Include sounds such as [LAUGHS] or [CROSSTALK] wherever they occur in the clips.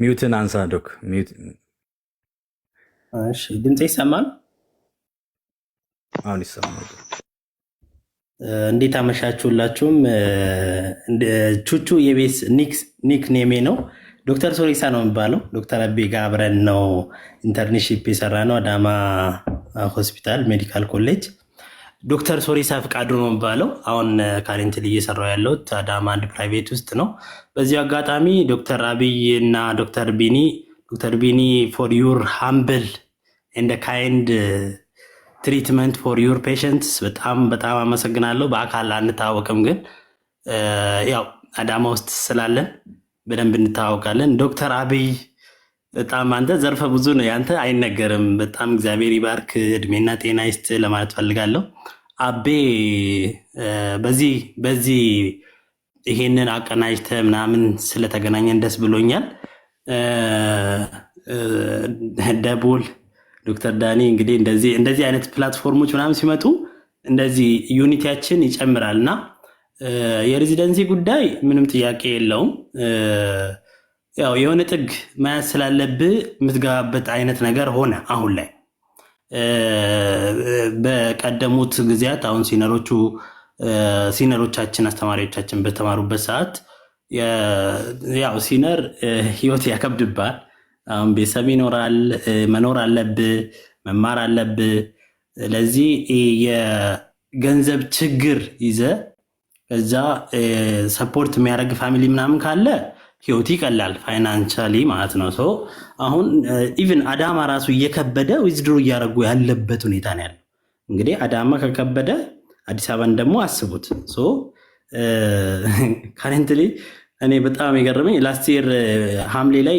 ሚዩትን አንሳ ዶክ። ድምፅ ይሰማል? አሁን ይሰማል። እንዴት አመሻችሁላችሁም። ቹቹ የቤስ ኒክ ኔሜ ነው። ዶክተር ሶሪሳ ነው የሚባለው። ዶክተር አቤ ጋር አብረን ነው ኢንተርንሺፕ የሰራ ነው አዳማ ሆስፒታል ሜዲካል ኮሌጅ ዶክተር ሶሪሳ ፍቃዱ ነው የሚባለው። አሁን ካሬንትሊ እየሰራው ያለሁት አዳማ አንድ ፕራይቬት ውስጥ ነው። በዚሁ አጋጣሚ ዶክተር አብይ እና ዶክተር ቢኒ ዶክተር ቢኒ ፎር ዩር ሃምብል እንደ ካይንድ ትሪትመንት ፎር ዩር ፔሽንትስ በጣም በጣም አመሰግናለሁ። በአካል አንተዋወቅም፣ ግን ያው አዳማ ውስጥ ስላለን በደንብ እንተዋወቃለን። ዶክተር አብይ በጣም አንተ ዘርፈ ብዙ ነው ያንተ አይነገርም። በጣም እግዚአብሔር ይባርክ እድሜና ጤና ይስጥ ለማለት ፈልጋለሁ። አቤ በዚህ በዚህ ይሄንን አቀናጅተ ምናምን ስለተገናኘን ደስ ብሎኛል። ደቡል ዶክተር ዳኒ እንግዲህ እንደዚህ እንደዚህ አይነት ፕላትፎርሞች ምናምን ሲመጡ እንደዚህ ዩኒቲያችን ይጨምራል እና የሬዚደንሲ ጉዳይ ምንም ጥያቄ የለውም። ያው የሆነ ጥግ መያዝ ስላለብህ የምትገባበት አይነት ነገር ሆነ። አሁን ላይ በቀደሙት ጊዜያት አሁን ሲነሮቹ ሲነሮቻችን አስተማሪዎቻችን በተማሩበት ሰዓት ያው ሲነር ህይወት ያከብድባል። አሁን ቤተሰብ ይኖራል፣ መኖር አለብህ፣ መማር አለብህ። ለዚህ የገንዘብ ችግር ይዘህ እዛ ሰፖርት የሚያደርግ ፋሚሊ ምናምን ካለ ህይወት ይቀላል ፋይናንሻሊ ማለት ነው። ሰው አሁን ኢቨን uh, አዳማ ራሱ እየከበደ ዊዝድሮ እያደረጉ ያለበት ሁኔታ ነው ያለው። እንግዲህ አዳማ ከከበደ አዲስ አበባን ደግሞ አስቡት። ካረንትሊ uh, [LAUGHS] እኔ በጣም የገረመኝ ላስት ይር uh, ሐምሌ ላይ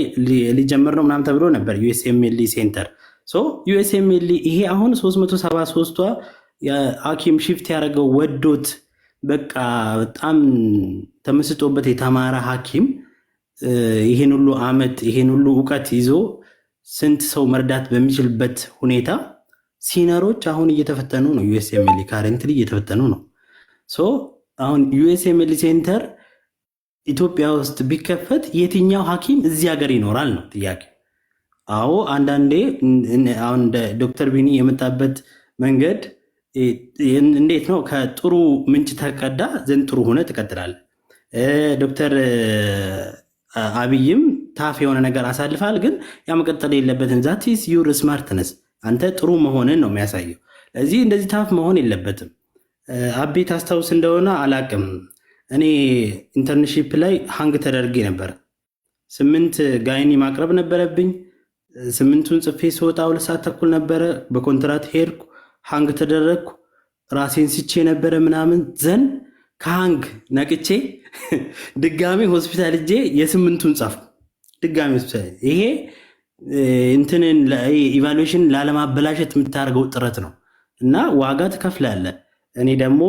ሊጀምር ነው ምናምን ተብሎ ነበር ዩኤስኤምኤል ሴንተር ዩኤስኤምኤል ይሄ አሁን 373ቷ ሺፍት ሽፍት ያደረገው ወዶት በቃ በጣም ተመስጦበት የተማረ ሐኪም ይሄን ሁሉ አመት ይሄን ሁሉ እውቀት ይዞ ስንት ሰው መርዳት በሚችልበት ሁኔታ ሲነሮች አሁን እየተፈተኑ ነው። ዩኤስኤምኤል ካረንትሊ እየተፈተኑ ነው። ሶ አሁን ዩኤስኤምኤል ሴንተር ኢትዮጵያ ውስጥ ቢከፈት የትኛው ሐኪም እዚህ ሀገር ይኖራል ነው ጥያቄ። አዎ አንዳንዴ አሁን ዶክተር ቢኒ የመጣበት መንገድ እንዴት ነው? ከጥሩ ምንጭ ተቀዳ ዘንድ ጥሩ ሆነ ትቀጥላለህ። ዶክተር አብይም ታፍ የሆነ ነገር አሳልፋል፣ ግን ያ መቀጠል የለበትን ዛትስ ዩር ስማርትነስ አንተ ጥሩ መሆንን ነው የሚያሳየው። ለዚህ እንደዚህ ታፍ መሆን የለበትም። አቤት አስታውስ እንደሆነ አላቅም። እኔ ኢንተርንሺፕ ላይ ሀንግ ተደርጌ ነበር። ስምንት ጋይኒ ማቅረብ ነበረብኝ። ስምንቱን ጽፌ ስወጣ ሁለት ሰዓት ተኩል ነበረ። በኮንትራት ሄድኩ፣ ሀንግ ተደረግኩ፣ ራሴን ስቼ ነበረ ምናምን ዘን ከሀንግ ነቅቼ ድጋሚ ሆስፒታል እጄ የስምንቱን ጻፍ ድጋሚ ሆስፒታል ይሄ እንትንን ኢቫሉዌሽን ላለማበላሸት የምታደርገው ጥረት ነው እና ዋጋ ትከፍላለህ። እኔ ደግሞ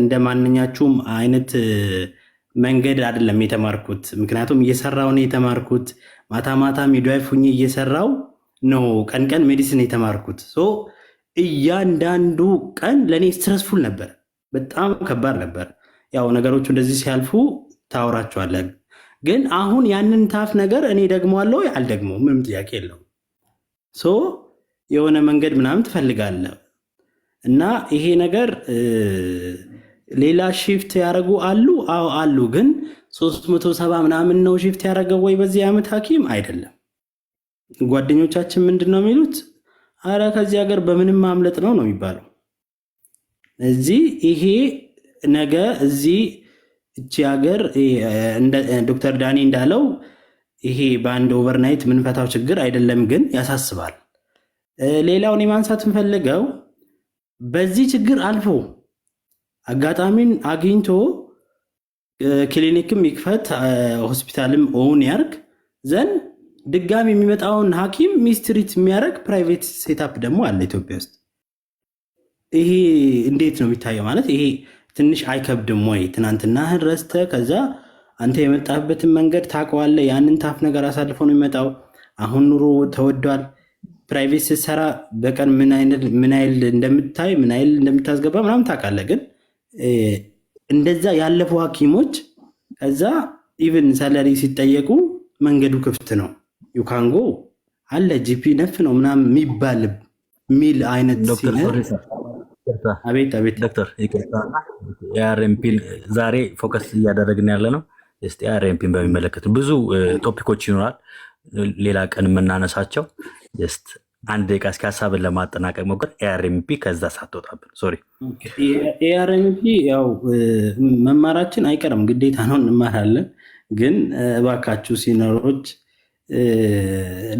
እንደ ማንኛችሁም አይነት መንገድ አይደለም የተማርኩት። ምክንያቱም እየሰራው ነው የተማርኩት። ማታ ማታ ሚድዋይፍ ሁኜ እየሰራው ነው ቀን ቀን ሜዲሲን የተማርኩት። እያንዳንዱ ቀን ለእኔ ስትረስፉል ነበር፣ በጣም ከባድ ነበር። ያው ነገሮች እንደዚህ ሲያልፉ ታወራቸዋለህ። ግን አሁን ያንን ታፍ ነገር እኔ ደግሟለሁ አልደግመው፣ ምንም ጥያቄ የለው። ሶ የሆነ መንገድ ምናምን ትፈልጋለህ እና ይሄ ነገር ሌላ ሺፍት ያደረጉ አሉ። አዎ አሉ። ግን ሰባ ምናምን ነው ሺፍት ያደረገው ወይ በዚህ ዓመት ሐኪም አይደለም። ጓደኞቻችን ምንድን ነው የሚሉት? አረ ከዚህ ሀገር በምንም ማምለጥ ነው ነው የሚባለው እዚህ ይሄ ነገ እዚህ እቺ ሀገር ዶክተር ዳኒ እንዳለው ይሄ በአንድ ኦቨርናይት ምንፈታው ችግር አይደለም፣ ግን ያሳስባል። ሌላውን የማንሳት ምፈልገው በዚህ ችግር አልፎ አጋጣሚን አግኝቶ ክሊኒክም ይክፈት ሆስፒታልም ኦውን ያርግ ዘንድ ድጋሚ የሚመጣውን ሐኪም ሚስትሪት የሚያደርግ ፕራይቬት ሴታፕ ደግሞ አለ ኢትዮጵያ ውስጥ። ይሄ እንዴት ነው የሚታየው? ማለት ይሄ ትንሽ አይከብድም ወይ? ትናንትናህን ረስተ ከዛ አንተ የመጣህበትን መንገድ ታውቀዋለህ። ያንን ታፍ ነገር አሳልፎ ነው የሚመጣው። አሁን ኑሮ ተወዷል። ፕራይቬት ስትሰራ በቀን ምን ያህል እንደምታይ ምን ያህል እንደምታስገባ ምናምን ታውቃለህ። ግን እንደዛ ያለፉ ሐኪሞች ከዛ ኢቨን ሰለሪ ሲጠየቁ መንገዱ ክፍት ነው ዩካንጎ አለ ጂፒ ነፍ ነው ምናምን የሚባል ሚል አይነት ዶክተር ዶክተር ኤአርኤምፒን ዛሬ ፎከስ እያደረግን ያለ ነው። ስ ኤአርኤምፒን በሚመለከት ብዙ ቶፒኮች ይኖራል፣ ሌላ ቀን የምናነሳቸው። ጀስት አንድ ደቂቃ እስኪ ሀሳብን ለማጠናቀቅ ሞክር። ኤአርኤምፒ ከዛ ሳትወጣብን፣ ሶሪ ኤአርኤምፒ ያው መማራችን አይቀርም ግዴታ ነው፣ እንማራለን። ግን እባካችሁ ሲኖሮች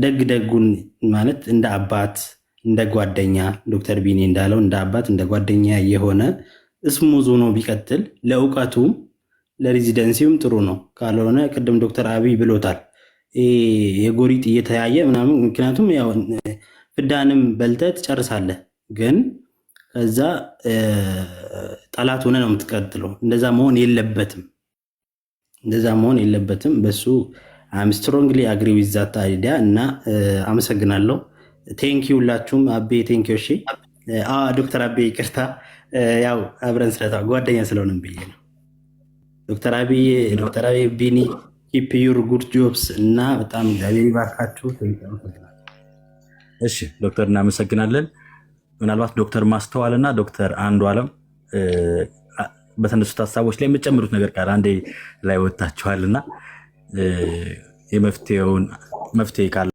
ደግ ደጉን ማለት እንደ አባት እንደ ጓደኛ ዶክተር ቢኒ እንዳለው እንደ አባት እንደ ጓደኛ የሆነ እስሙዝ ሆኖ ቢቀጥል ለእውቀቱም ለሬዚደንሲውም ጥሩ ነው። ካልሆነ ቅድም ዶክተር አብይ ብሎታል የጎሪጥ እየተያየ ምናምን ምክንያቱም ፍዳንም በልተ ትጨርሳለህ፣ ግን ከዛ ጠላት ሆነ ነው የምትቀጥለው። እንደዛ መሆን የለበትም እንደዛ መሆን የለበትም። በሱ አም ስትሮንግሊ አግሪ ዊዝ ዛት አይዲያ እና አመሰግናለሁ። ቴንኪው ሁላችሁም። አቤ ቴንኪው። እሺ ዶክተር አቤ ይቅርታ፣ ያው አብረን ስለታ ጓደኛ ስለሆነም ብዬ ነው። ዶክተር አብይ ዶክተር አብይ ቢኒ ኪፕ ዩር ጉድ ጆብስ እና በጣም እግዚአብሔር ይባርካችሁ። እሺ ዶክተር እናመሰግናለን። ምናልባት ዶክተር ማስተዋል እና ዶክተር አንዱ አለም በተነሱት ሀሳቦች ላይ የምትጨምሩት ነገር ቃል አንዴ ላይ ወጥታችኋል እና የመፍትሄውን መፍትሄ ካለ